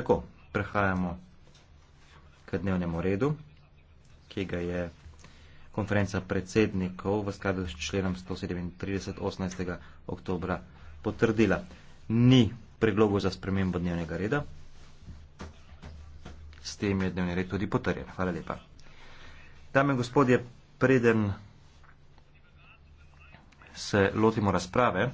Tako, prehajamo k dnevnemu redu, ki ga je konferenca predsednikov v skladu s členom 137. 18. oktobra potrdila. Ni predlogu za spremembo dnevnega reda. S tem je dnevni red tudi potrjen. Hvala lepa. Dame in gospodje, preden se lotimo razprave,